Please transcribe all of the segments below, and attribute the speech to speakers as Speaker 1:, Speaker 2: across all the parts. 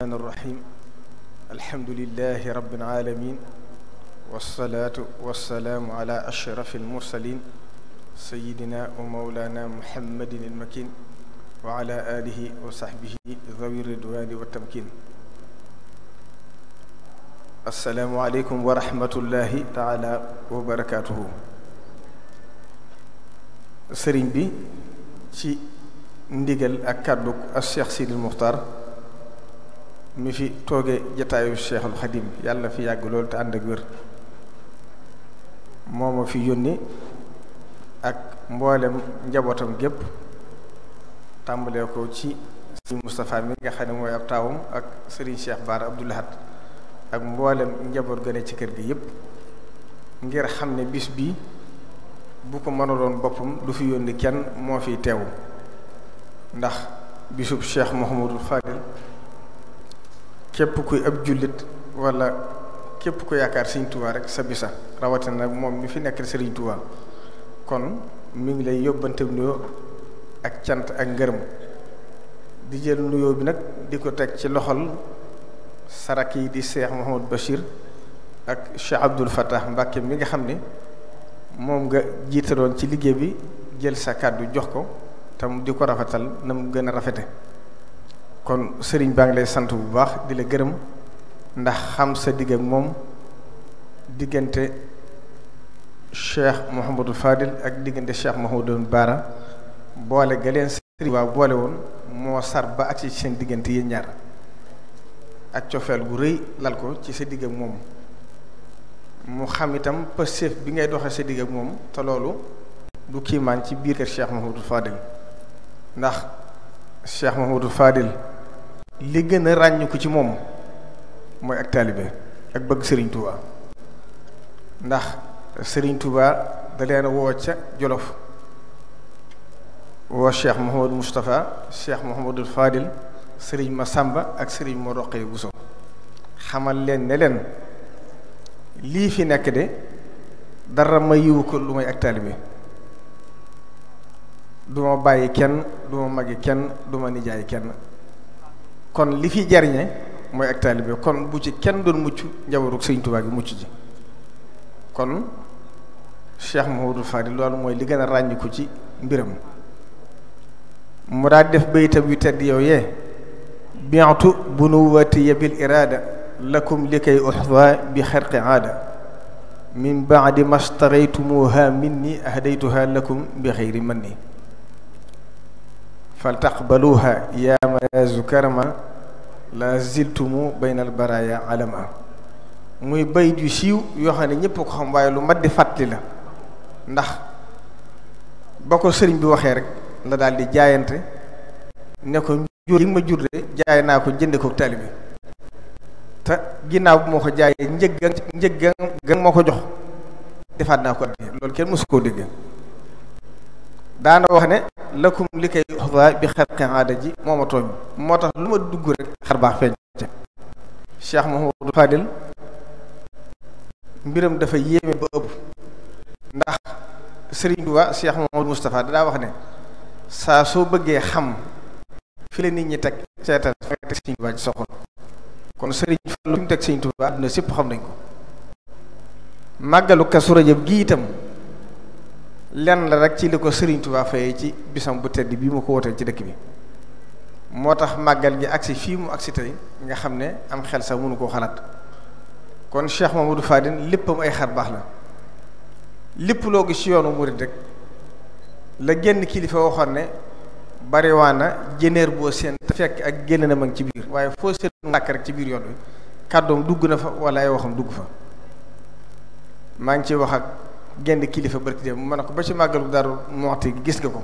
Speaker 1: الرحمن الرحيم الحمد لله رب العالمين والصلاة والسلام على أشرف المرسلين سيدنا ومولانا محمد المكين وعلى آله وصحبه ذوي الرضوان والتمكين السلام عليكم ورحمة الله تعالى وبركاته سرين بي ci ndigal ak kàddu ak Cheikh Sidil Muxtaar mi fi tooge jataayu Cheikhul Xadim yàlla fi yàgg loolu te ànd ak wér moo ma fi yónni ak mboolem njabootam gépp tàmbalee ko ci sëriñ Moustapha mi nga xam ne mooy ab taawam ak sëriñ Cheikh Baara Abdoulahat ak mboolem njaboot gane ci kër gi yépp ngir xam ne bis bi bu ko mënaloon boppam du fi yónni kenn moo fi teewu ndax bisub Cheikh Mouhamadul Fadil képp kuy ab jullit walla képp ku yaakaar Sëriñ Tuubaa rek sa bisa rawatina moom mi fi nekk Sëriñ Tuubaa kon mi ngi lay yóbbante nuyoo ak cant ak ngërëm di jël nuyoo bi nag di ko teg ci loxol sarak yi di seex Mouhamadou Bachir ak Cheikh Abdoul Fattah Mbacké mi nga xam ne moom nga jiitaloon ci liggéey bi jël sa kàddu jox ko tam di ko rafetal na mu gën a rafete kon sëriñ baa ngi lay sant bu baax di la gërëm ndax xam sa digg ak moom diggante cheikh Mouhamadou Fadil ak diggante cheikh Mouhamadou Baara boole ga leen sëriñ waa boole woon moo sar ba agsi ci seen diggante yéen ñaar ak cofeel bu rëy lal ko ci sa digg ak moom mu xam itam pëstéef bi ngay doxee sa digg ak moom te loolu du kiimaan ci biir kër cheikh Mouhamadou Fadil ndax Cheikh Mahamadou Fadil li gën a ràññiku ci moom mooy ak taalibe ak bëgg Serigne Touba ndax sëriñ Touba da leen woo ca Jolof woo Cheikh Mahamadou Moustapha Cheikh Mahamadou Fadil Serigne Massamba ak sëriñ Modou Rokhaya Bousso xamal leen ne leen lii fi nekk de dara ma yiwu ko lu may ak taalibe du bàyyi kenn du ma magi kenn duma ma nijaay kenn kon li fi jariñe mooy ak taalibe kon bu ci kenn doon mucc njabarug sëñ Tuubaa mucc ji kon Cheikh Mouhamadou Fadil loolu mooy li gën a ràññiku ci mbiram mu daa def baytam yu tedd yow yee bientu bu nu watiya bil iraada lakum li kay uxda bi xerqi aada min baadi mastaraytumuha minni ahdaytuha lakum bi xeyri manni faltaqbaluha yaama yaazu karama la ziltumu baynal baraya alama muy bayit yu siiw yoo xam ne ñëpp ko xam waaye lu mat di fàttali la ndax ba ko sëriñ bi waxee rek la daal di jaayante ne ko jur yi ma jur de jaay naa ko jënde ko taalibe te ginnaaw bu moo ko jaayee njëgga njëgga ga moo ko jox defaat naa ko addi loolu kenn mësu koo dégg daana wax ne lakum li koy uxda bi xarqi aada ji moo ma tooñ moo tax lu ma dugg rek xar baax feeñ ca Cheikh Fadil mbiram dafa yéeme ba ëpp ndax Serigne Touba Cheikh Mahamadou Moustapha daa wax ne saa soo bëggee xam fi la nit ñi teg seetal fa nga teg Serigne Touba ci soxol kon Serigne Fallou fi mu teg Serigne Touba àdduna sépp xam nañ ko màggalu Kazu Rajab gi itam lenn la rek ci li ko Serigne Touba fayee ci bisam bu tedd bi mu ko wootee ci dëkk bi moo tax màggal gi agsi fii mu agsi tey nga xam ne am xel sax mënu koo xalaat kon Cheikh Mamadou Fadine léppam ay xar baax la lépp loo gis ci yoonu murid la génn kilifa waxoon ne bariwaa na jëneer boo seen te fekk ak génn na mag ci biir waaye foo seen nàkk rek ci biir yoon wi kàddoom dugg na fa walla ay waxam dugg fa maa ngi ciy wax ak genn kilifa barki dem ma ne ko ba ci màggalu Daaru Muxti gis nga ko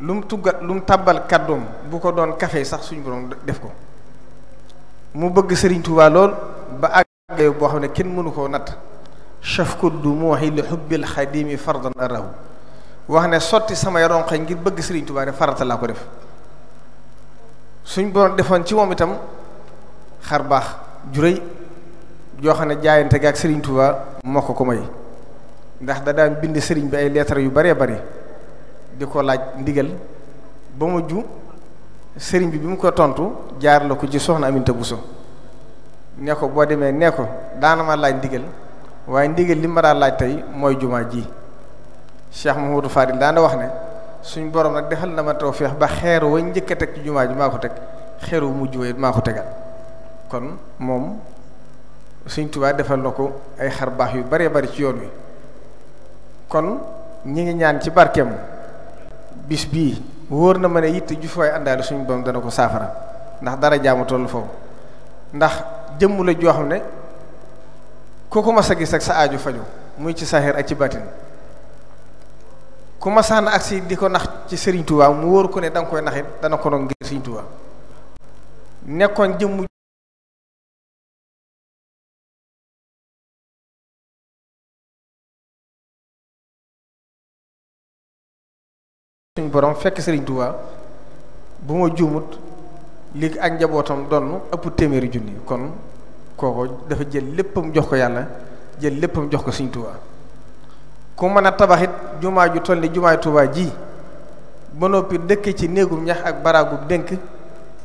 Speaker 1: lu mu tuggat lu mu tàbbal kàddoom bu ko doon kafe sax suñu borom def ko mu bëgg Serigne lool ba àgg boo xam ne kenn mënu koo natt shafku dumuhi li hubbil wax ne sotti samay ronqe ngir bëgg Serigne Touba farata laa ko def suñ borom defoon ci moom itam xar baax ju joo xam ne jaayante gaak Serigne Touba moo ko ko may ndax da daan bind sëriñ bi ay lettre yu baree bari di ko laaj ndigal ba mu ju sëriñ bi bi mu ko tontu jaar la ko ci soxna bu Bousso ne ko boo demee ne ko daanama laaj ndigal waaye ndigal li ma daan laaj tey mooy jumaa ji Cheikh Mahamadou Fadil daana wax ne suñ borom nag defal na ma tawfeex ba xeer wa njëkk a jumaa ji maa ko teg xeeru mujj wa maa ko tegal kon moom suñ Tuubaa defal na ko ay xar baax yu baree bari ci yoon wi kon ñi ngi ñaan ci barkeem bis bii wóor na ma ne yitte ju fooy àndaale suñu boom dana ko saafara ndax dara jaamu toll foofu ndax jëmm la joo xam ne ku ko mas a gis ak sa aaju faju muy ci saaxir ak ci batin ku ma sànn agsi di ko nax ci Serigne Touba mu wóor ko ne danga koy naxit dana ko doon ngir Serigne nekkoon jëmm suñ borom fekk Serigne Touba bu ma juumut léegi ak njabootam doon ëpp téeméeri junni kon kooku dafa jël léppam jox ko yàlla jël léppam jox ko Serigne Touba ku mën a tabaxit jumaa ju toll ni jumaay Touba ji ba noppi dëkk ci néegum ñax ak baraagub dénk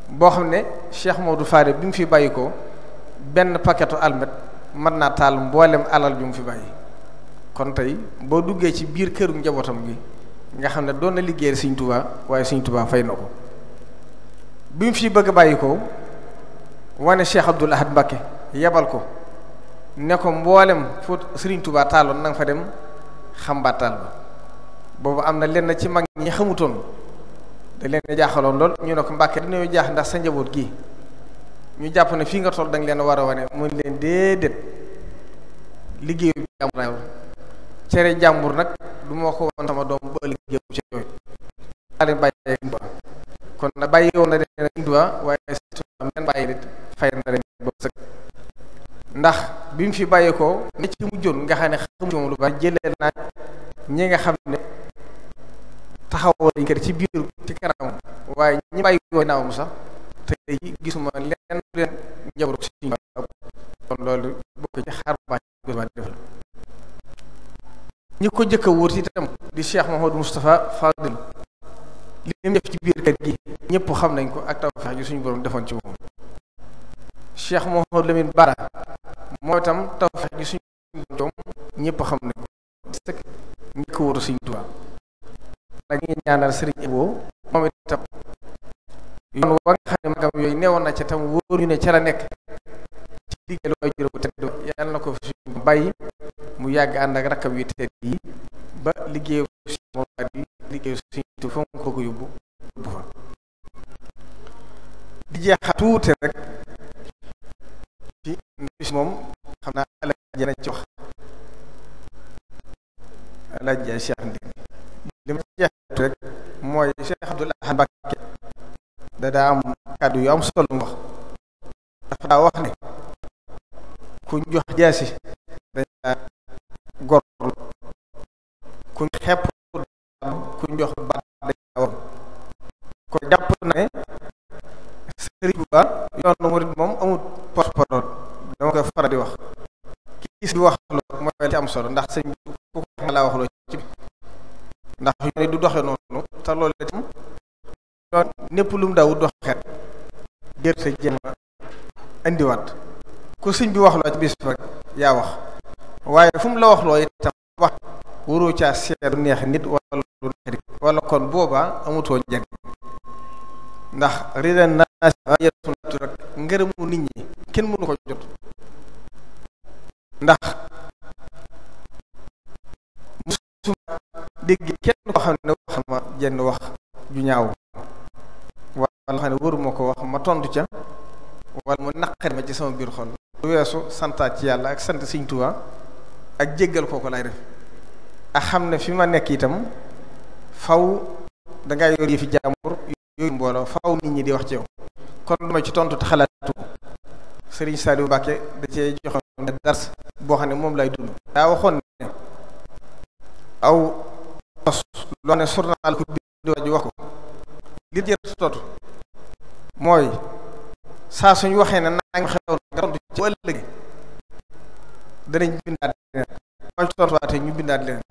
Speaker 1: boo xam ne Cheikh Modou Faare bi mu fi bàyyi ko benn paketu almet mën naa taal mboolem alal ju mu fi bàyyi kon tey boo duggee ci biir këru njabootam gi nga xam ne doon na liggéeyal Sëriñ Tuubaa waaye Sëriñ Tuubaa fay na ko bi mu fi bëgg bàyyi ko wane Cheikh Abdoul Ahad Mbacké yebal ko ne ko mboolem fu Sëriñ tubaa taaloon nanga nga fa dem xambaat taal boobu am na lenn ci mag ñi xamutoon da leen jaaxaloon lool ñu ne ko dana dinañu jaax ndax sa njaboot gi ñu jàpp ne fii nga toll da nga leen war a wane mu leen déedéet liggéeyu jàmbur cere jàmbur nag du ma ko woon sama doom ba ëllëg jëm ci yooyu daa leen bàyyi kon na bàyyi ba sëkk ndax bi mu fi bàyyi ko ne ci mujjoon nga xam ne xamuñu lu bari jëlee naaj ñi nga xam ne taxawoo dañ kër ci biir ci kanam waaye ñi bàyyi woon ginnaawam sax te gisuma lenn leen njaboot suñu kon loolu bokk ci xaar baax ñi ko jëkk a wóor ci itam di Cheikh Mahamadou Moustapha Fadil li mu def ci biir kër gi ñëpp xam nañ ko ak tawfeex ji suñu borom defoon ci moom Cheikh Mahamadou Lamine Bara moo itam tawfeex ji suñu doom ñëpp xam nañ ko sëkk ñi ko wóor suñu ñu ñaanal yooyu neewoon na ca tam wóor ñu ne ca la nekk ci liggéey lu ay juróom te na ko fi suñu bàyyi mu yàgg ànd ak rakkam yu tedd yi ba liggéeyu suñu bi liggéeyu ko ko yóbbu yóbbu fa di jeexa tuuti rek ci ndis moom xam naa alaaj na ci wax alaaj li ma jeex rek mooy Cheikh Abdoul Ahad Mbacké da daa am kàddu yu am solo wax dafa daa wax ne ku jox jaasi ku xepp ku njox baat day war kon jàpp na ne sëriñ bu baax yoonu murid moom amul porte-parole dama koy faral di wax kii si wax lu mooy am solo ndax sëñ bi ku ko laa wax loo ci ndax yoon du doxe noonu te loolu itam yoon népp lu mu daawu doxeet jërte jéem a indiwaat ku sëñ bi wax loo ci bis rek yaa wax waaye fu la wax loo itam wuroo caa neex nit wala lu neex kenn mënu ko jot ndax musuma dégg kenn koo ne waruma ko wax ma tontu ca wala mu naqari ma ci sama biir xol lu weesu santaat ci yàlla ak sant Sëriñ Tuubaa ak jéggal kooku lay def ak xam ne fi ma nekk itam faw dangay yor yi fi jaamur yooyu mbooloo faw nit ñi di wax ci yow kon duma ci tontu te xalaatu Serigne Saliou Mbacké da cee joxoon boo xam ne moom lay dund daa waxoon ne aw tos loo wax ko li jër tontu mooy saa suñu waxee na naa ngi xew nga tontu ci ëllëg danañ bindaat leneen mooy tontuwaate ñu bindaat leen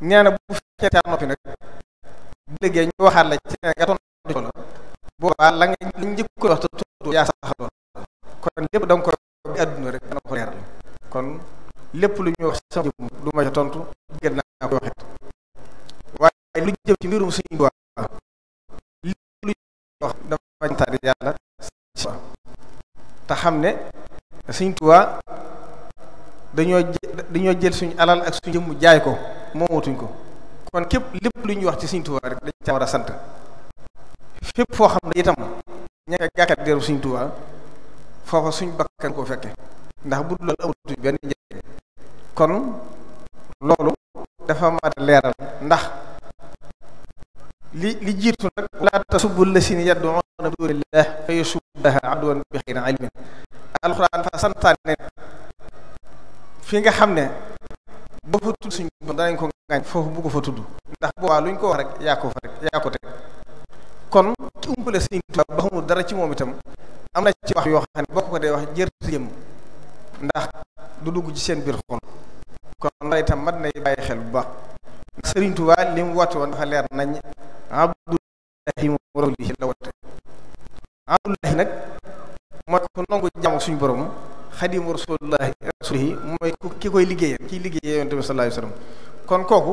Speaker 1: nee na bu fekkee caa noppi nag bu déggee ñu waxaat la ci nga tontu loolu boobaa la nga liñ njëkkoon wax tontu yaa sax lool kon lépp da nga koy bi àdduna rek dana ko lépp lu ñuy tontu gën naa koy waxit waaye lu jëm ci mbirum suñu duwaa lépp lu ñuy wax dama ñaataale yàlla te xam ne suñu tuwaa dañoo jël dañoo jël suñu alal ak suñu jëmm jaay ko moomatuñ ko kon képp lépp lu ñuy wax ci Sëriñ Tuubaa rek dañ ca war a sant fépp foo xam ne itam ña nga gàkkat deru Sëriñ Tuubaa foofa suñ bakkan koo fekke ndax bu dul loolu amatuñ benn njëriñ kon loolu dafa mat a leeral ndax li li jiitu nag laa tasubbu lasina yad'una min duunillahi fa yasubbullaha adwan bi nga xam ne ba fa tudd suñ kon danañ ko ngaañ foofu bu ko fa tudd ndax boobaa luñ ko wax rek yaa ko fa rek yaa ko teg kon ci umpale suñ ba xamul dara ci moom itam am na ci wax yoo xam ne boo ko dee wax jërëjëf jëm ndax du dugg ci seen biir xol kon lay itam mat nay bàyyi xel bu baax Sëriñ Tuubaa li mu wàtte woon dafa nañ abdullahi moom rasulihi la nag mooy ko nangu jaamu suñu borom xadimu rasulillahi rasulihi mooy ki koy liggéeyal kiy liggéeyal yonent bi sallallahu wa sallam kon kooku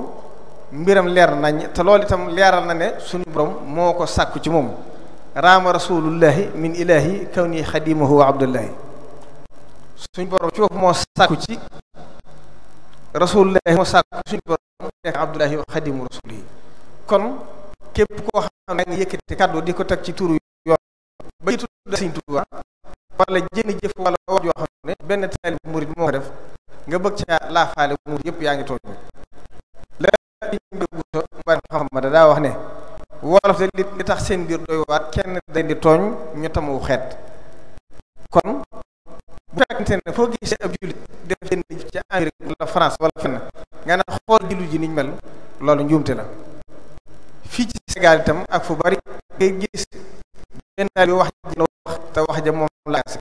Speaker 1: mbiram leer nañ te loolu itam leeral na ne suñu borom moo ko sàkku ci moom raama rasulullahi min ilahi kaw nii xadimahu wa abdullahi suñu borom ci bopp moo sàkku ci rasulullahi moo sàkku suñu borom nekk abdullahi wa xadimu rasulihi kon képp koo xam ne yëkkati kàddu di ko teg ci turu yoon ba ci tudd Sëriñ Tuubaa wala jëni jëf wala wax yoo xam ne benn taalib bu murid moo ko def nga bëgg ca laafaale murid yëpp yaa ngi tooñ la daa wax ne wolof de li tax seen biir doy waat kenn day di tooñ ñu tamu xeet kon bu fekkente ne foo gisee ab jullit def seen ci Amérique wala France wala fenn nga ne xool jullit ji niñ mel loolu njuumte la fii ci Sénégal ak fu bari ngay gis benn taal bi wax ji la wax te wax ja moom laaj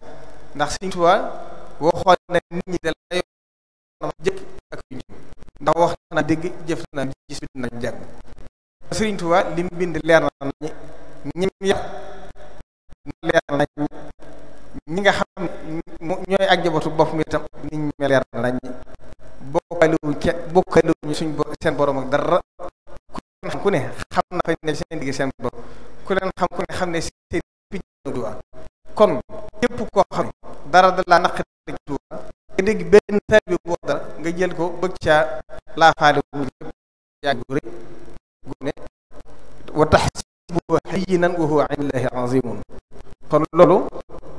Speaker 1: ndax Sëriñ waxoon na nit ñi de jëkk ak yu ndax wax na dégg jëf na gis na jàng li bind leer na nga xam ne ñooy ak jabatu bopp mi itam nit ñi suñ seen ak dara ku xam ku ne xam na fa ne seen digg seen borom kon koo xam dara da laa naqari nga dégg benn saay bi boo dara nga jël ko bëgg caa laa faale wu lépp yàgg gu rëy gu ne wa taxsibuhu hayyinan wa huwa indallaahi aziimun kon loolu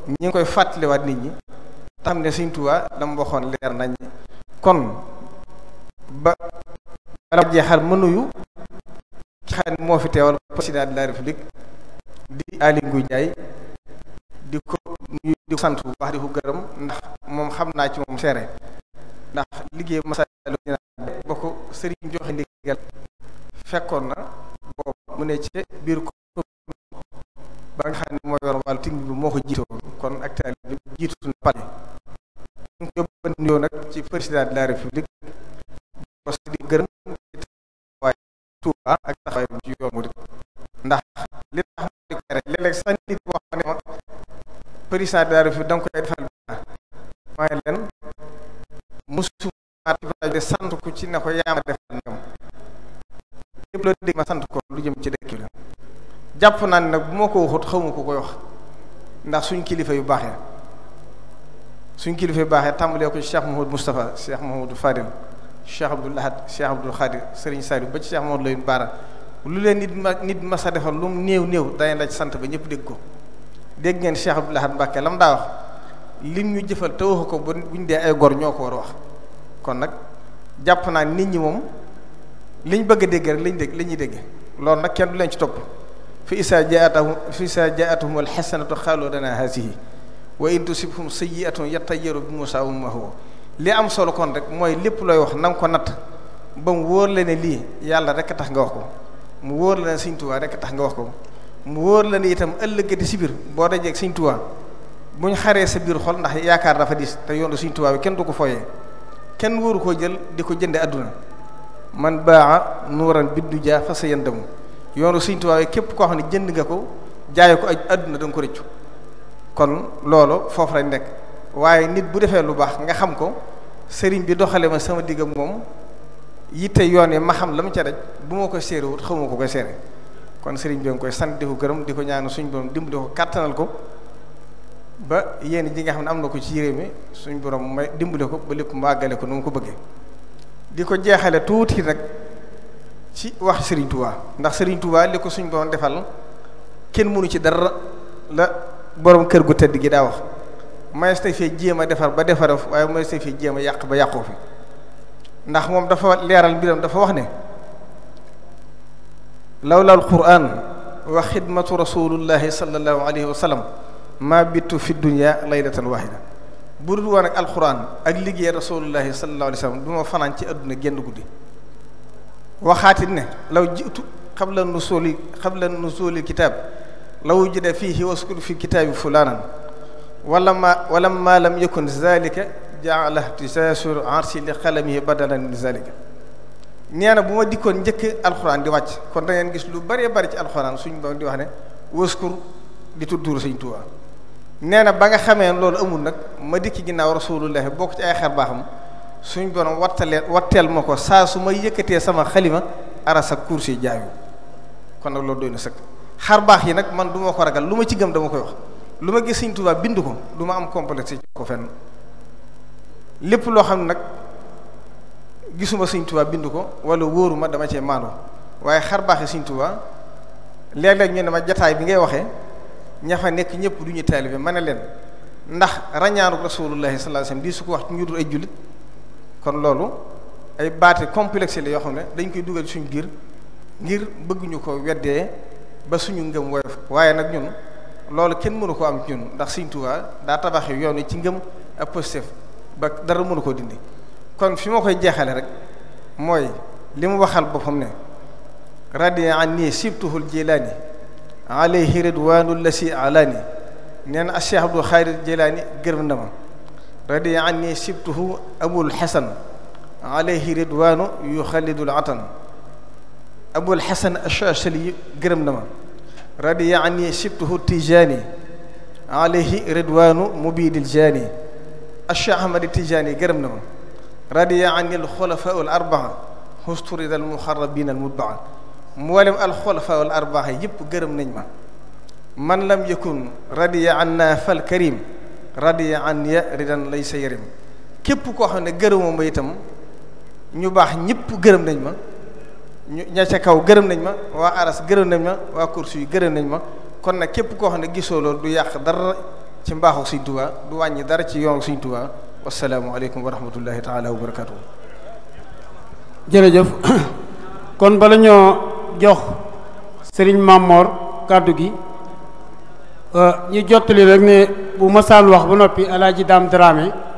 Speaker 1: ñi ngi koy fàttaliwaat nit ñi te xam ne Sëñ Tuubaa dama waxoon leer nañ kon ba bala jeexal ma ki xam ne moo fi teewal président de la république di Aly Ngouille di ko sant bu baax di ko gërëm ndax moom xam naa ci moom seere ndax liggéey masal ñu naan ba ko sëriñ joxe ndigal fekkoon na boobu mu ne ci biir ko ba nga xam ne mooy yor wàllu bi moo ko jiitoon kon actuel jiitu na pale ñu ko yóbban nuyoo nag ci président de la république parce di gërëm ci ak taxawaay ci yoon mu ndax li tax mu di ko léeg-léeg sax nit président daara fi da koy defal bi waaye leen musu maa ci sant ko ci ne ko yaama defal ñoom sant ko lu jëm ci dëkk naa ne nag bu ma ko waxut xawma ko koy wax ndax suñ kilifa yu baaxee suñ kilifa yu baaxee tàmbalee ko ci Cheikh Mouhamadou Moustapha Cheikh Mouhamadou Fadil Cheikh Abdoul Ahad Cheikh Abdoul Khadir Serigne Saliou ba ci Cheikh Mouhamadou Lamine lu leen nit ma nit ma sa defal lu mu néew néew dañu la sant ba ñëpp dégg ko dégg ngeen Cheikh Abdoul Ahad Mbacké la mu daa wax lim ñu jëfal te waxu ko bu buñ dee ay gor ñoo ko war a wax kon nag jàpp naa nit ñi moom liñ bëgg a dégg rek lañ dégg li ñuy dégg loolu nag kenn du leen ci topp fi isa jaatahum fi isa jaatahum alxasanatu xaalu dana haasihi wa in tusibhum sayyi'atun yattayaru bi Muusaa wa man huwa li am solo kon rek mooy lépp looy wax na ko natt ba mu wóor la ne lii yàlla rek a tax nga wax ko mu wóor la ne rek a tax nga wax ko mu wóor la ni itam ëllëgati si biir boo dajee ak Sëñ Tuubaa buñ xaree sa biir xol ndax yaakaar dafa diis te yoonu Sëñ Tuubaa bi kenn du ko fooyee kenn wóoru koo jël di ko jënde àdduna man baaxa nuuran biddu jaa fa sa yandamu yoonu Sëñ Tuubaa bi képp koo xam ne jënd nga ko jaay ko àdduna da ko rëccu kon loolu foofu lañ nekk waaye nit bu defee lu baax nga xam ko sëriñ bi doxale ma sama digg moom te yoon yi ma xam la mu ca daj bu ma ko séerewut xaw ma ko koy séere kon sëriñ bi nga koy sant defu ko gërëm di ko ñaanu suñu borom dimbali ko kàttanal ko ba yéen ji nga xam ne am na ko ci réew mi suñu borom may dimbali ko ba lépp mu àggale ko nu mu ko bëggee di ko jeexale tuuti nag ci wax sëriñ Touba ndax sëriñ Touba li ko suñ borom defal kenn mënu ci dara la borom kër gu tëdd gi daa wax maes ta fee jéem a defar ba defaraf waaye maes ta fee jéem a yàq ba yàqoo fi ndax moom dafa leeral biram dafa wax ne lawla alquran wa xidmatu rasulillahi sallallahu alayhi wa sallam maa bittu fi dunya laylatan wahida bu dul woon ak alquran ak liggéey rasulillahi sallallahu alayhi wa sallam du fanaan ci àdduna génn guddi waxaatit ne law jiitu qabla nusuli qabla nusuli kitaab law jida fiihi waskur fi kitaabi fulaanan wala ma wala ma lam yakun zalika jaala ihtisaasu arsi li qalamihi badalan min zalika nee na bu ma dikkoon njëkk alxuraan di wàcc kon da gis lu bëree bëri ci alxuraan suñ ba di wax ne waskur di tudduur sëñ Tuubaa nee na ba nga xamee loolu amul nag ma dikk ginnaaw rasulullahi bokk ci ay xar baaxam suñ borom wattalee watteel ma ko saa su ma yëkkatee sama xalima arasa kursi jaayu kon nag loolu doy na sëkk xar baax yi nag man duma ko ragal lu ma ci gëm dama koy wax lu ma gis sëñ Tuubaa bind ko du ma am complexe ci ko fenn lépp loo xam ne nag gisuma Sëriñ Tuubaa bind ko wala wóoruma dama cee maandu waaye xar baaxi Sëriñ Tuubaa léeg-léeg ñu ne ma jataay bi ngay waxee ña fa nekk ñëpp du ñu taalibe ma ne leen ndax rañaanu rasulullahi sallallahu alayhi wasallam di su ko wax ci ñu dul ay jullit kon loolu ay baate complexe la yoo xam ne dañ koy dugal suñu giir ngir bëgguñu ko weddee ba suñu ngëm woyof waaye nag ñun loolu kenn mënu koo am ñun ndax Sëriñ Tuubaa daa tabaxee yoon wi ci ngëm ak positif ba dara mënu koo dindi kon fi ma koy jeexale rek mooy li mu waxal boppam ne radia anni sibtuhul jilaani alayhi ridwaanu lasi alaani nee na Cheikh Abdou Xaadir Jilaani gërëm na ma radia anni sibtuhu abul xasan alayhi ridwaanu yu xalidul atan abul xasan achachali gërëm na ma radia anni sibtuhu tijaani alayhi ridwaanu mubidil jaani acheikh ahmadi tijaani gërëm na ma radiya an il xulafaa al arbaa husturida al muxarrabina al mutbaa mboolem al xulafaa al arbaa yëpp gërëm nañ ma man lam yakun radiya an naa fal karim radiya an ya ridan lay sa yarim képp koo xam ne gërëmoo ma itam ñu baax ñëpp gërëm nañ ma ñu ña ca kaw gërëm nañ ma waa aras gërëm nañ ma waa kursu yi gërëm nañ ma kon nag képp koo xam ne gisoo loolu du yàq dara ci mbaaxu Sëñ Tuubaa du wàññi dara ci yoon Sëñ Tuubaa wasalaamualeykum wa rahmatullahi taala kon bala ñoo jox sëriñ Mamor kàddu gi euh, ñu jottali rek ne bu masaan wax ba noppi alaaji daam Dramé